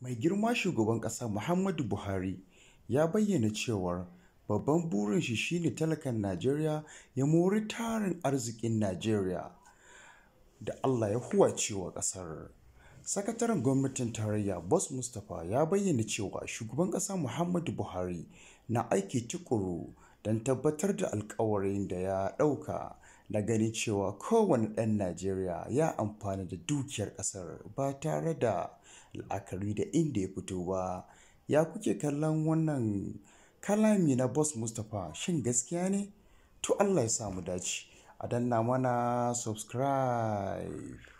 Mai girma shugaban ƙasa Muhammadu Buhari ya bayyana cewar babban burin shi shine talakan Najeriya ya mori tarin arzikin Najeriya da Allah ya huwace wa ƙasar. Sakataren gwamnatin tarayya Bos Mustapha ya bayyana cewa shugaban ƙasa Muhammadu Buhari na aiki tukuru don tabbatar da alkawarin da ya ɗauka na ganin cewa kowane ɗan Najeriya ya amfana da dukiyar ƙasar ba tare da la'akari da inda ya fito ba. Ya kuke kallon wannan kalami na Boss Mustapha shin gaskiya ne? To Allah ya samu dace. A danna mana subscribe.